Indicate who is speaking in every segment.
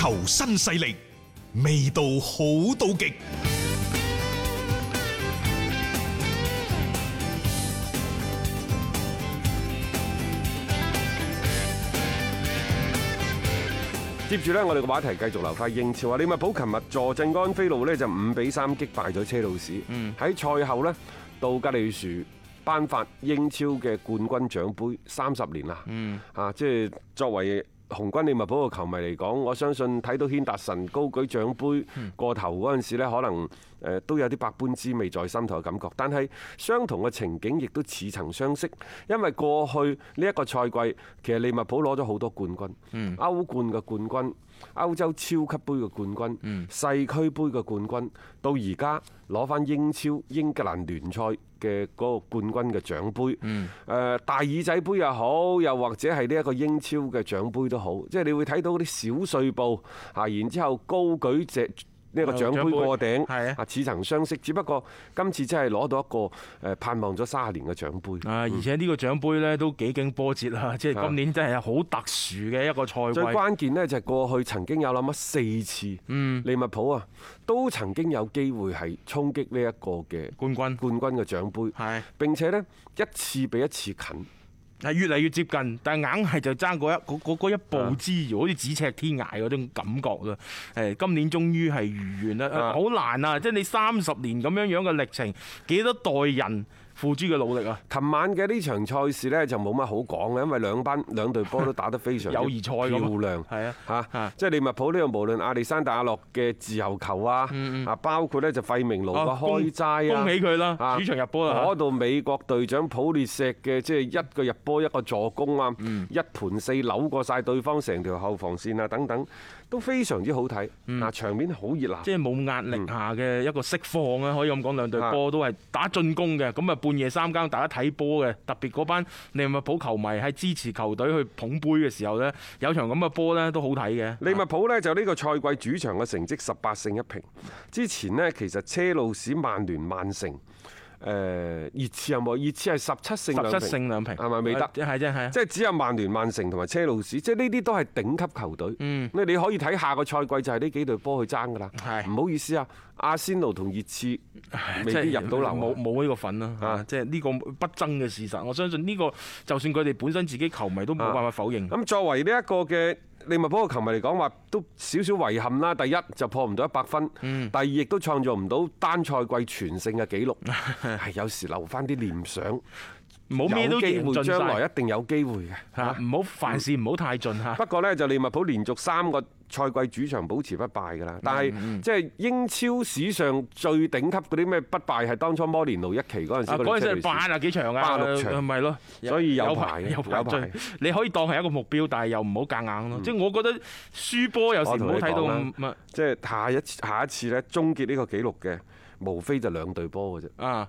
Speaker 1: 求新勢力，味道好到極。
Speaker 2: 接住呢，我哋嘅話題繼續留翻英超啊！利物浦琴日坐鎮安菲路呢，就五比三擊敗咗車路士。喺賽後呢，杜格利殊頒發英超嘅冠軍獎杯三十年啦。嗯，啊，即係作為，紅軍利物浦嘅球迷嚟講，我相信睇到軒達臣高舉獎杯過頭嗰陣時呢，可能誒都有啲百般滋味在心頭嘅感覺。但係相同嘅情景亦都似曾相識，因為過去呢一個賽季其實利物浦攞咗好多冠軍，嗯、歐冠嘅冠軍、歐洲超級杯嘅冠軍、世區杯嘅冠軍，到而家攞返英超英格蘭聯賽。嘅嗰個冠軍嘅獎杯，誒、嗯、大耳仔杯又好，又或者係呢一個英超嘅獎杯都好，即係你會睇到啲小碎步，啊，然之後高舉隻。呢個獎杯過頂，係啊盃！似曾相識，是的 只不過今次真係攞到一個誒盼望咗三十年嘅獎杯啊！而
Speaker 1: 且呢個獎杯咧都幾經波折啊！即係今年真係好特殊嘅一個賽季。最關
Speaker 2: 鍵呢，就係過去曾經有諗乜四次，嗯、利物浦啊都曾經有機會係衝擊呢一個嘅冠軍冠軍嘅獎杯，係是的 並且呢一次比一次近。係越嚟越接
Speaker 1: 近，但係硬係就爭嗰一一步之遙，啊、好似咫尺天涯嗰種感覺啦。誒，今年終於係如願啦，好、啊、難啊！即、就、係、是、你三十年咁樣樣嘅歷程，
Speaker 2: 幾多代人。付諸嘅努力啊！琴晚嘅呢場賽事呢就冇乜好講嘅，因為兩班兩隊波都打得非常友誼 賽漂亮的，即係利物浦呢個無論亞歷山大阿諾嘅自由球啊，啊、嗯嗯、包括呢就費明路嘅開齋啊，恭喜佢
Speaker 1: 啦！主場入波嗰
Speaker 2: 度美國隊長普列石嘅即係一個入波一個助攻啊，嗯、一盤四扭過晒對方成條後防線啊等等。都非常之好睇，嗱場面好熱鬧啊，即係冇壓
Speaker 1: 力下嘅一個釋放啊！可以咁講，兩隊波都係打進攻嘅，咁啊半夜三更大家睇波嘅，特別嗰班利物浦球迷喺支持球隊去捧杯嘅時候呢，有場咁嘅波呢都好睇嘅。
Speaker 2: 利物浦呢，就呢個賽季主場嘅成績十八勝一平，之前呢，其實車路士、曼聯、曼城。誒熱刺啊！熱刺係十七勝兩平，係咪未得？即係即係即係，只有曼聯、曼城同埋車路士，即係呢啲都係頂級球隊。嗯，你可以睇下個賽季就係呢幾隊波去爭㗎啦。係唔好意思啊，阿仙奴同熱刺未必入到流，冇
Speaker 1: 冇呢個份咯。啊，即係呢個不爭嘅事實。我相信呢個，就算佢哋本身自己
Speaker 2: 球迷都冇辦法否認。咁、嗯、作為呢一個嘅。利物浦球迷嚟講話，都少少遺憾啦。第一就破唔到一百分，嗯、第二亦都創造唔到單賽季全勝嘅紀錄。係， 有時留翻啲念想。冇咩都贏盡曬，有機會將來一定有機會嘅嚇，唔好凡事唔好太盡嚇。不過咧就利物浦連續三個賽季主場保持不敗㗎啦，但係即係英超史上最頂級嗰啲咩不敗係當初摩連奴一期嗰陣時嗰陣時。係八啊幾場啊，八六場，咪咯，所以有排有排，你可以當係一個目標，但係又唔好夾硬咯。即
Speaker 1: 係我覺得輸波有時唔好睇到即係
Speaker 2: 下一次下一次咧終結呢個紀錄嘅，無非就兩對波㗎啫。啊！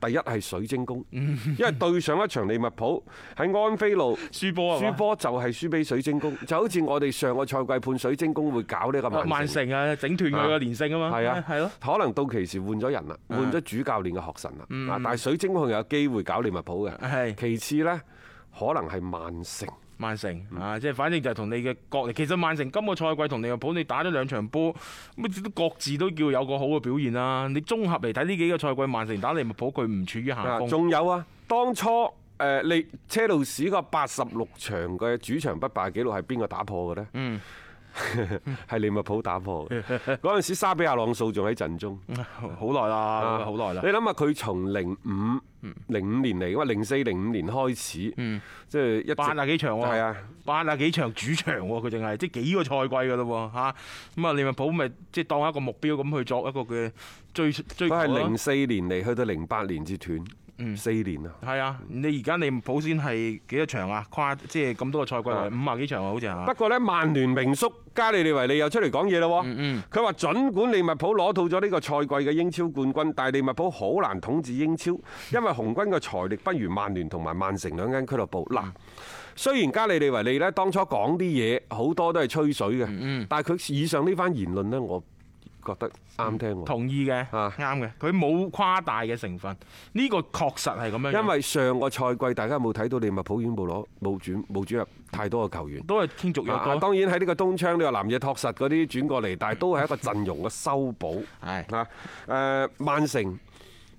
Speaker 2: 第一係水晶宮，因為對上一場利物浦喺安菲路輸波啊，輸波就係輸俾水晶宮，就好似我哋上個賽季判水晶宮會搞呢個曼城，曼城啊，整斷佢個連勝啊嘛的，係啊，係咯，可能到期時換咗人啦，換咗主教練嘅學神啦，啊，是的 但係水晶宮有機會搞利物浦嘅，其次呢，可能係曼城。
Speaker 1: 曼城啊，即係反正就同你嘅角力，其實曼城今個賽季同利物浦你打咗兩場波，乜都各自都叫有個好嘅表現啦。你綜合嚟睇呢幾個賽季，曼城打
Speaker 2: 利物浦，佢唔處於下風。仲有啊，當初誒，你車路士個八十六場嘅主場不敗紀錄係邊個打破嘅呢？嗯，係 利物浦打破嘅。嗰陣時沙比亞朗素仲喺陣中，好耐啦，好耐啦。你諗下佢從零五零五年嚟，因為零四零五年開始，即係八啊幾場喎，係啊，八啊幾場主場喎、啊，佢淨係即係幾個賽季噶啦，吓咁
Speaker 1: 啊利物浦咪即係當一個目標咁去作一個嘅追追佢係零四
Speaker 2: 年嚟，去到零八年至斷。嗯，四年啊，
Speaker 1: 係啊，你而家利物浦先係幾多場啊？跨，即係咁多個賽季，五啊幾場啊，好
Speaker 2: 似啊。不過呢，曼聯名宿加利利維利又出嚟講嘢咯，佢話盡管利物浦攞到咗呢個賽季嘅英超冠軍，但係利物浦好難統治英超，因為紅軍嘅財力不如曼聯同埋曼城兩間俱樂部。嗱、嗯，雖然加利利維利呢，當初講啲嘢好多都係吹水嘅，嗯嗯、但係佢以上呢番言論呢。我。覺得啱聽喎，同
Speaker 1: 意嘅，啱嘅是嗎，佢冇誇大嘅
Speaker 2: 成分，呢、這個確實係咁樣。因為上個賽季大家冇睇到利物浦院部攞冇轉冇轉入太多嘅球員都，都係天竺有。當然喺呢個冬窗呢、這個南野拓實嗰啲轉過嚟，但係都係一個陣容嘅修補。係啊，誒，曼城，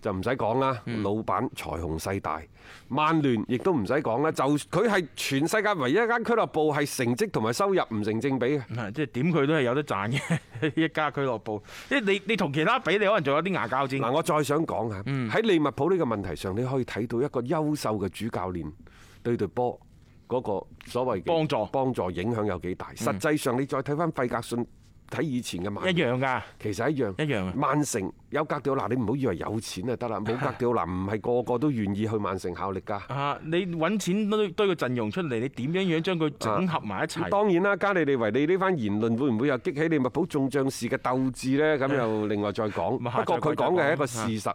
Speaker 2: 就唔使講啦，嗯、老闆財雄勢大，曼聯亦都唔使講啦，就佢係全世界唯一一間俱樂部係成績同埋收入唔成正比嘅，即係點佢都係有得賺嘅 一家俱樂部。即係你你同其他比，你可能仲有啲牙膠戰。嗱，我再想講下喺、嗯、利物浦呢個問題上，你可以睇到一個優秀嘅主教練對隊波嗰、嗰個所謂幫助幫助影響有幾大。嗯、實際上你再睇翻費格遜。睇以前嘅曼一樣㗎，其實一樣，一樣。曼城有格調嗱，你唔好以為有錢就得啦，冇格調嗱，唔係個個都願意去曼城效力
Speaker 1: 㗎。你揾錢都堆個陣容出嚟，你點樣樣將佢整合埋一齊？當
Speaker 2: 然啦，加利尼維利呢番言論會唔會又激起利物浦眾將士嘅鬥志呢？咁又另外再講。的不過佢講嘅係一個事實，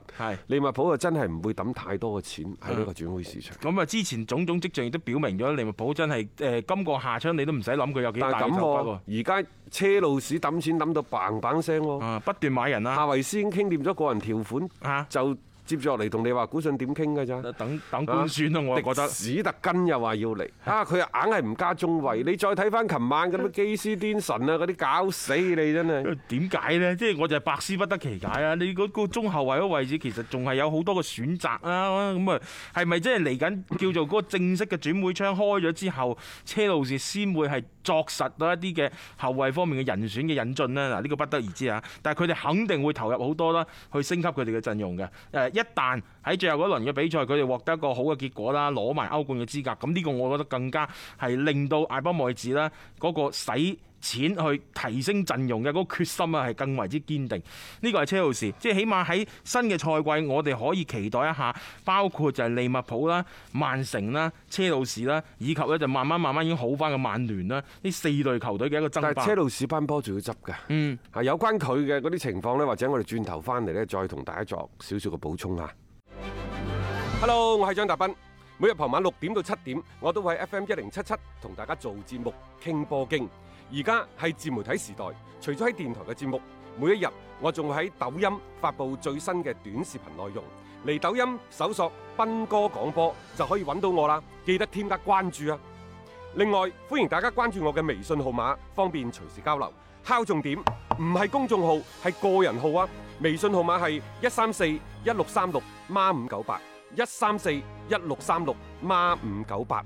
Speaker 2: 利物浦啊真係唔會抌太多嘅錢喺呢個轉會市場。咁啊，之前種種跡象都表明咗，利物浦真係誒今個夏窗你都唔使諗佢有幾大進步喎。而家車路士。抌錢抌到砰砰聲啊，不斷買人啊。夏維斯已經傾掂咗個人條款，就。接住落嚟同你話股訊點傾嘅咋？等等股算啊。我覺得。史特根又話要嚟的啊！佢硬係唔加中衞。你再睇返琴晚咁嘅的基斯丁神啊，嗰啲搞死你真係。點解咧？即係我就係百思不得其解啊！你嗰個中
Speaker 1: 後衞嘅位置其實仲係有好多嘅選擇啊！咁啊，係咪即係嚟緊叫做嗰個正式嘅轉會窗開咗之後，車路士先會係作實到一啲嘅後衞方面嘅人選嘅引進呢？嗱，呢個不得而知啊！但係佢哋肯定會投入好多啦，去升級佢哋嘅陣容嘅。誒一旦喺最後嗰輪嘅比賽，佢哋獲得一個好嘅結果啦，攞埋歐冠嘅資格，咁呢個我覺得更加係令到艾巴莫子啦嗰個使錢去提升陣容嘅嗰個決心啊，係更為之堅定。呢個係車路士，即係起碼喺新嘅賽季，我哋可以期待一下，包括就係利物浦啦、曼城啦、車路士啦，以及咧就慢慢慢慢已經好翻嘅曼聯啦，呢四隊球隊嘅一個爭霸。但係車路
Speaker 2: 士班波仲要執㗎，嗯，係有關佢嘅嗰啲情況呢，或者我哋轉頭翻嚟呢，再同大家作少少嘅補充嚇。Hello，我係張達斌，每日傍晚六點到七點，我都會喺 FM 一零七七同大家做節目傾波經。而家係自媒體時代，除咗喺電台嘅節目，每一日我仲會喺抖音發佈最新嘅短視頻內容。嚟抖音搜索斌哥廣播就可以揾到我啦，記得添加關注啊！另外歡迎大家關注我嘅微信號碼，方便隨時交流。敲重點，唔係公眾號，係個人號啊！微信號碼係一三四一六三六孖五九八，一三四一六三六孖五九八。